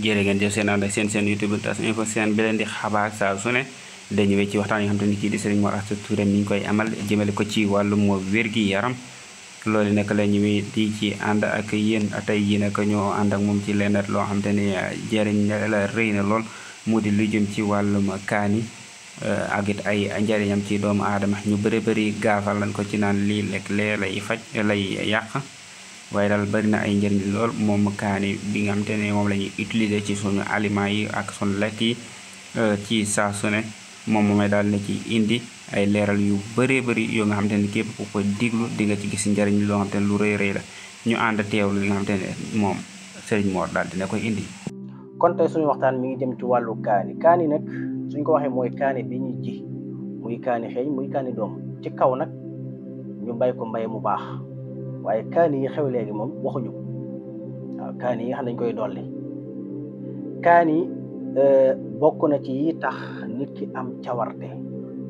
jërë ngeen jëf seen ànd ak seen seen youtube tas info seen bi leen di xabaar ci waxtaan yi nga di Serigne Mor Asta Touré koy amal jëmale ko ci wàllum wér yaram loolu nag la ñuy di ci ànd ak yéen tey yi nag ñoo ànd ak moom ci lenn loo xam te ne eh, jëriñ rëy na lool mu di lu jëm ci wàllum kaani eh, ak ay njëriñam ci doomu aadama ñu bëri bari gaafal lañ ko ci naan lii lekk lee lay faj lay yàq Viral daal bari na ay njëriñ lool moom kaani bi nga xamante ne moom la ñuy utiliser ci suñu aliment yi ak suñu lekk yi euh, ci saa su ne moom moomay daal na ci indi ay leeral yu bëree bëri yoo nga xamante ne képp ku ko diglu di nga ci gis njëriñ loo xamante ne lu rëy rëy la ñu ànd teewlu li nga xamante ne moom sëriñ Mor daal dina koy indi. kon tey suñu waxtaan mi ngi jëm ci wàllu kaani kaani nag suñ ko waxee mooy kaani bi ñuy ji muy kaani xeeñ muy kaani doom ci kaw nag ñu bay ko mbay mu baax. waaye kaani yi xew léegi moom waxuñu waaw kaani yi nga xam nañ koy dolli kaani euh, bokk na ci yi tax nit ki am cawarte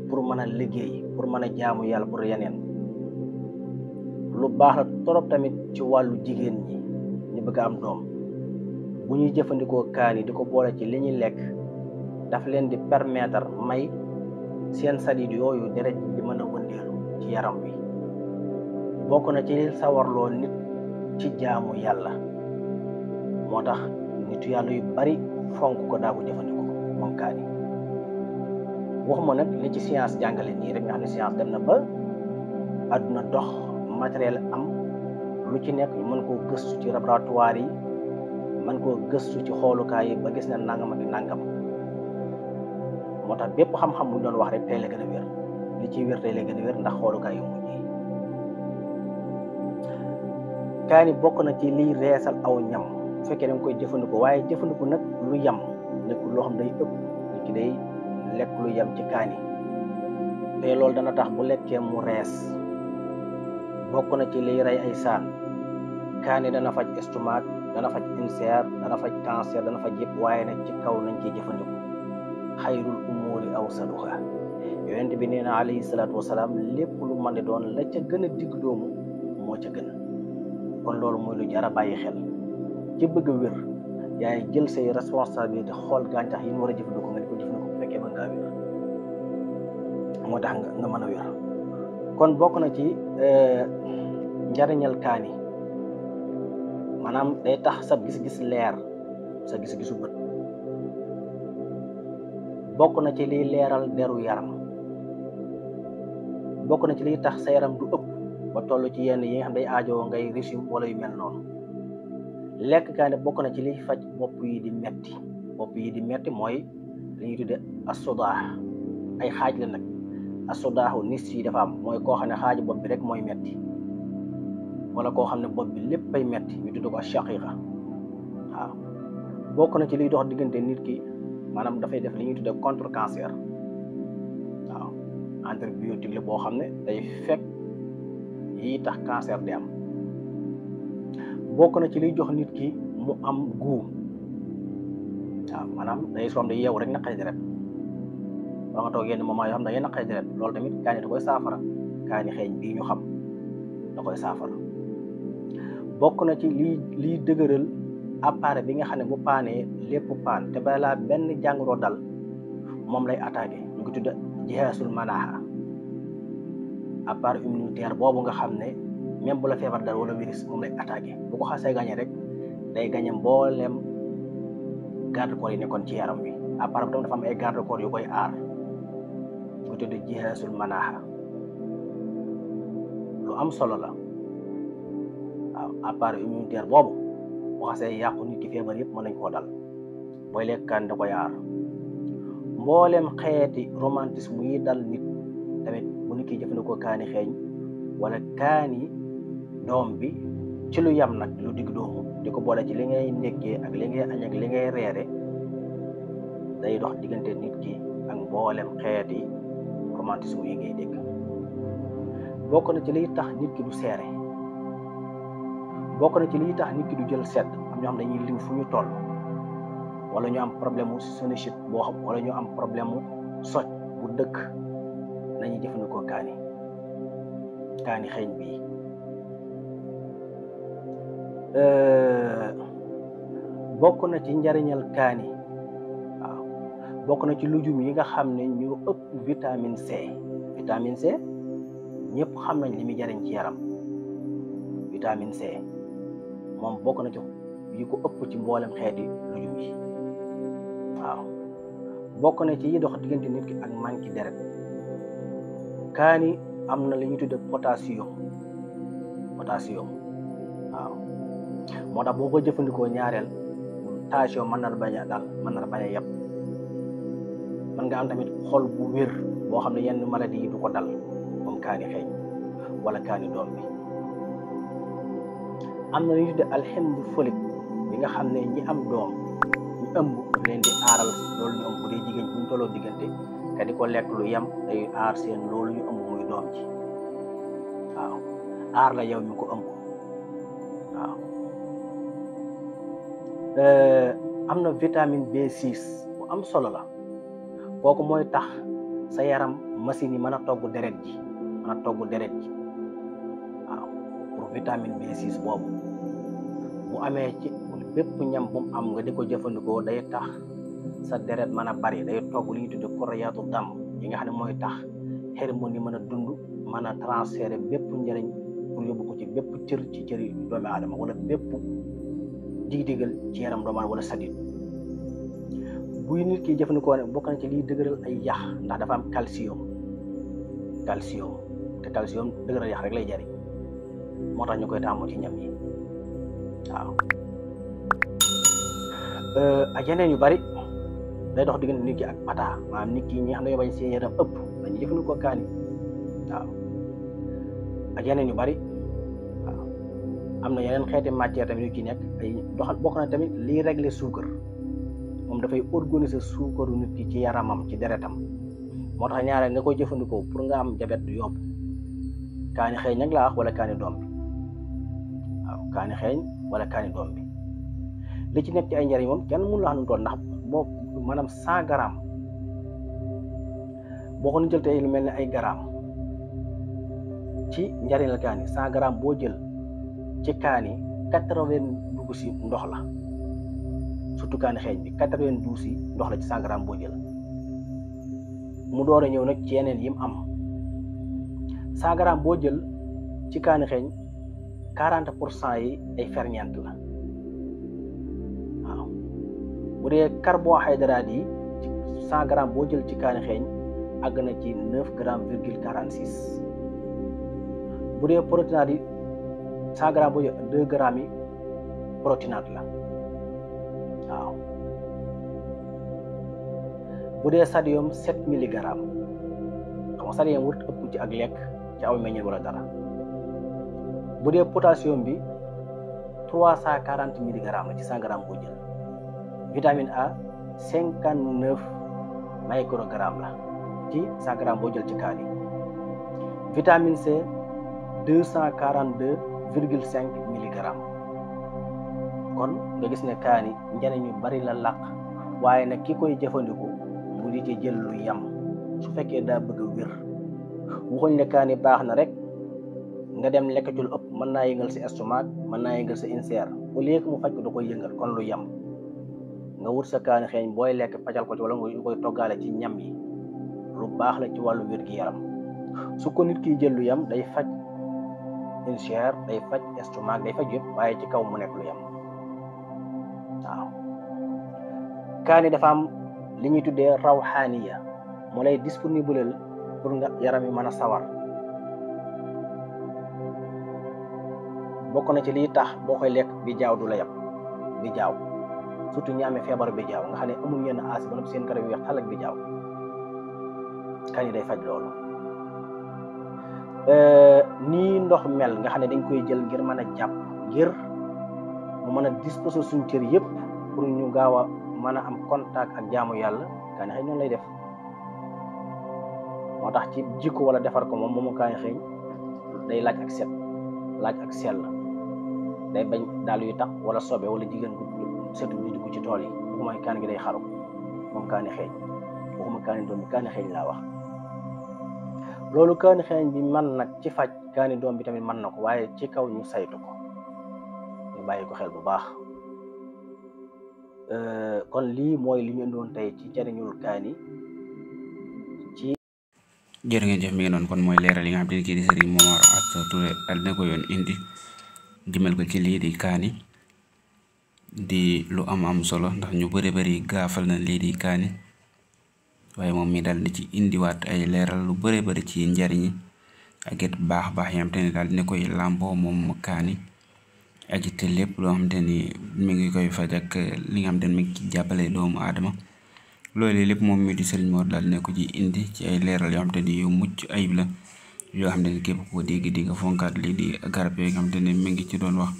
pour mën a liggéey pour mën a jaamu yàlla pour yeneen lu baax la torop tamit ci wàllu jigéen ñi ñu bëgg am doom bu ñuy jëfandikoo kaani di ko boole ci li ñuy lekk daf leen di permettre may seen sadiid yooyu deret di mën a wëndeelu ci yaram wi bokk na ci sawarloo nit ci jaamu yàlla moo tax nitu yàlla yu bari fonk ko daa ko jëfandikoo moom kaa ni waxuma nag li ci science jàngale nii rek nga xam ne science dem na ba àdduna dox matériel am lu ci nekk mën koo gëstu ci laboratoire yi mën koo gëstu ci xoolukaay yi ba gis na nangam ak nangam moo tax bépp xam-xam bu doon wax rek tey la gën a wér li ciy wér tey la gën a wér ndax xoolukaay yu yi kaani bokk na ci liy reesal aw ñam bu fekkee da koy jëfandikoo waaye jëfandikoo nag lu yam nekkul loo xam day ëpp nit ki day lekk lu yam ci kaani te loolu dana tax bu lekkee mu rees bokk na ci liy rey ay saan kaani dana faj estomac dana faj ulcère dana faj cancer dana faj yëpp waaye nag ci kaw nañ ciy jëfandikoo xayrul umuuri aw saduha yonent bi nee na alayhi salaatu wasalaam lépp lu man di doon la ca gën a digg doomu moo ca gën kon loolu mooy lu jar a bàyyi xel ci bëgg a wér yaay jël say responsabilité xool gàncax yi ñu war a jëfandikoo nga di ko jëfandikoo bu fekkee mën ngaa wér moo tax nga nga mën a wér kon bokk na ci eh, njariñal kaani maanaam day tax sa gis-gis leer sa gis-gisu bët bokk na ci liy leeral deru yaram bokk na ci liy tax sa yaram du ëpp ba toll ci yenn yi nga xam day aajoo ngay régime wala yu mel noonu lekk kaane bokk na ci li faj bopp yi di metti bopp yii di metti mooy li ñuy tudde asodaax ay xaaj la nag asodaaxu nis yi dafa am mooy koo xam ne xaaju bopp bi mooy metti wala koo xam ne bopp bi lépp ay metti ñu tudd ko shaqiqa bokk na ci liy dox diggante nit ki maanaam dafay def li ñuy tudde contre cancer waaw antibiotique boo xam ne day fekk yi tax cancer di am bokk na ci liy jox nit ki mu am guu waaw maanaam day soom da yeewu rek naqari deret ba nga moom yenn moment yoo xam da ngay naqari deret loolu tamit kaani da koy saafara kaani xeeñ bii ñu xam da koy saafara bokk na ci liy liy dëgëral appareil bi nga xam ne bu paanee lépp paan te balaa benn jàngoro dal moom lay attaqué ñu ngi tudd jihaasul manaaha appareil immunitaire boobu nga xam ne même bu la feebar dal wala virus moom lay attaqué bu ko xasee gagné rek day gagné mboolem garde corps nekkoon ci yaram bi am ay garde corps yu koy aar mu tudd jihaasul manaaxa lu am solo la waaw appareil immunitaire boobu bu xasee yàqu nit ki feebar yëpp mën nañ ko dal booy lekkaan da koy aar mboolem xeeti romantisme yi dal nit tamit mi ngi jëfandikoo kaani xeeñ wala kaani doom bi ci lu yam nag lu digg doomu di ko boole ci li ngay nekkee ak li ngay añ ak li ngay reere day dox diggante nit ki ak mboolem xeeti romantisme yi ngay dégg bokk na ci liy tax nit ki du seere bokk na ci liy tax nit ki du jël sedd am ñoo xam dañuy liw fu ñu toll wala ñu am problème mu soniship boo xam wala ñu am problème soj bu dëkk dañuy jëfandikoo kaani kaani xeeñ bii bokk na ci njariñal kaani waaw bokk na ci lujum yi nga xam ne ñu ëpp vitamine C vitamine C ñëpp xam nañ li jariñ ci yaram vitamine C moom bokk na ci yi ko ëpp ci mboolem xeeti lujum yi waaw bokk na ci yi dox diggante nit ki ak manque deret kani amna na li ñu tudde potassium potassium waaw moo tax boo ko jëfandikoo ñaareel na bañ dal mën na bañ a yeb mën nga am tamit xol bu yenn maladie yi du dal moom kaani xeeñ wala kaani doom bi am na tudde folik bi nga xam ñi am doom ñu ëmb leen di aaral loolu ñoom bu dee jigéen bu kadi ko lekk lu yem day aar seen loolu ñu ëmb muy doom ji waaw aar la yow mi ko ëmb waaw vitamine B6 bu am solo la kooku mooy tax sa yaram machine yi mën a togg deret ji togg deret ji waaw pour vitamine B6 boobu bu amee ci bépp ñam bu am nga di ko jëfandikoo day tax sa deret mën a bari day togg li tudde kurayaatu dam yi nga xam ne mooy tax hermone yi mën a dund mën a transféré bépp njëriñ pour yóbbu ko ci bépp cër ci cëri doomi aadama wala bépp dig-digal ci yaram doomu aadama wala sadit Bu nit ki jëfandikoo ne bokk na ci liy dëgëral ay yax ndax dafa am calcium calcium te calcium dëgëral yax rek lay jariñ moo tax ñu koy taamu ci eh, ñam yi waaw ak yeneen yu bari day dox diggante nit ki ak pata maanaam nit ki ñi xam ne bañ seen yaram ëpp dañuy jëfandikoo kaani waaw ak yeneen yu bari waaw am na yeneen xeeti matière tamit yu ci nekk ay doxal bokk na tamit liy régler suukar moom dafay organiser suukaru nit ki ci yaramam ci deretam moo tax ñaare nga koy jëfandikoo pour nga am jabet du yomb kaani xeeñ nag laa wala kaani doom bi waaw kaani xeeñ wala kaani doom bi li ci nekk ci ay njariñ moom kenn mënu la xam nu toll ndax maanaam cent grammes boo ko jël tey lu mel ne ay grammes ci njariñal kaani cent grammes boo jël ci kaani quatre-vingt-douze yi ndox la surtout kaani xeeñ bi quatre-vingt-douze yi ndox la ci cent grammes boo jël mu door a ñëw nag ci yeneen yim am cent grammes boo jël ci kaani xeeñ quarante pour cent yi ay ferñeent la bu dee carbon yi ci 100 grammes boo jël ci kaani xeeñ àgg na ci 9 grammes virgule 46 bu dee protéinate yi 100 grammes boo jël la waaw bu dee sodium 7 milligrammes xam nga ak lekk ci aw meññeen wala dara bu dee potassium bi 340 ci 100 boo jël. vitamine A cinquante neuf microgramme la ci cent gramme boo jël ci kaani vitamine C quarante deux virgule cinq milligramme kon nga gis ne kaani njëriñ yu bari la làq waaye nag ki koy jëfandiku mu di ci jël lu yam su fekkee daa bëgg wér waxuñ ne kaani baax na rek nga dem lekk ci lu ëpp mën naa yëngal si estomac mën naa yëngal sa insère au lieu mu faj ko da koy yëngal kon lu yam nga wut sa kaani xeeñ booy lekk pajal ko ci wala nga koy toggaale ci ñam yi lu baax la ci wàllu wér gi yaram su ko nit kiy jël lu yam day faj ulcère day faj estomac day faj yëpp waaye ci kaw mu nekk lu yam waaw kaani dafa am li ñuy tuddee rawxaaniya mu lay disponible pour nga yaram yi mën a sawar bokk na ci liy tax boo koy lekk bi jaaw du la yam bi jaaw surtout ñi amee feebar bi jaaw nga xam ne amul yenn aas ba seen karaw weex xalak bi jaaw kan yi day faj loolu euh, ni ndox mel nga xam ne dañ koy jël ngir mën a ngir mu mën a disposer suñ cër yépp pour ñu gaaw a am contact ak jaamu yàlla kan xëy noonu lay def moo tax ci jikko wala defar ko moom moomu kaay xëy day laaj ak set laaj ak sell day bañ daal yu tax wala sobe wala jigéen surtout bi ci tool yi waxuma kaan gi day xaru moom kaani xeeñ waxuma kaani doom bi kaani xeeñ laa wax loolu kaani xeeñ bi man nag ci faj kaani doom bi tamit mën na ko waaye ci kaw ñu saytu ko ñu bàyyi ko xel bu baax kon lii mooy li ñu indoon tey ci jariñul kaani ci jërë ngeen mi ngi doon kon mooy leeral yi nga xam ne kii di Serigne Momar Asta Touré dal na ko yoon indi jëmel ko ci lii di kaani di lu am am solo ndax ñu bëri bari gaafal na lii di kaani waaye moom mi daal di ci indiwaat ay leeral lu bëri bari ci njariñi ak it baax baax yi nga xamante ni daal dina koy làmboo moom kaani ak it lépp xam xamante ni mi ngi koy faj ak li nga xamante ni mi ngi jàppale doomu aadama loolu lépp moom mi di Sëriñ Mor daal dina ko ci indi ci ay leeral yoo xamante ni yu mucc ayib la yoo xamante ni képp koo dégg di nga fonkaat lii di garab yooyu xam xamante ni mi ngi ci doon wax.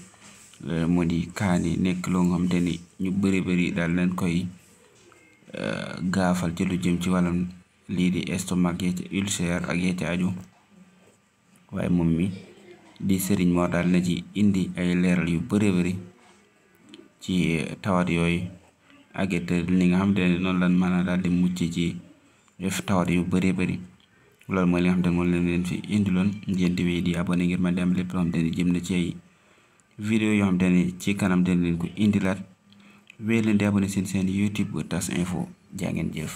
Eh, moo di kaani nekk loo nga xamante ni ñu bëri bëri daal leen koy eh, gaafal ci lu jëm ci wàllam lii di estomac yee ci ak yee aju waaye moom mi di sëriñ moo daal na ci indi ay leeral yu bëri bëri ci tawat yooyu ak it li nga xam ne noonu lan mën a daal di mucc ci def tawat yu bëree bëri loolu mooy li nga xamante ne moom leen leen fi indiloon ngeen di wéy di abonné ngir ma dem lépp loo xamante ne jëm na ci ay vidéo yoo xam te ci kanam den leen ko indilaat wéy leen di abonné seen seen YouTube ba tas info jaa ngeen jëf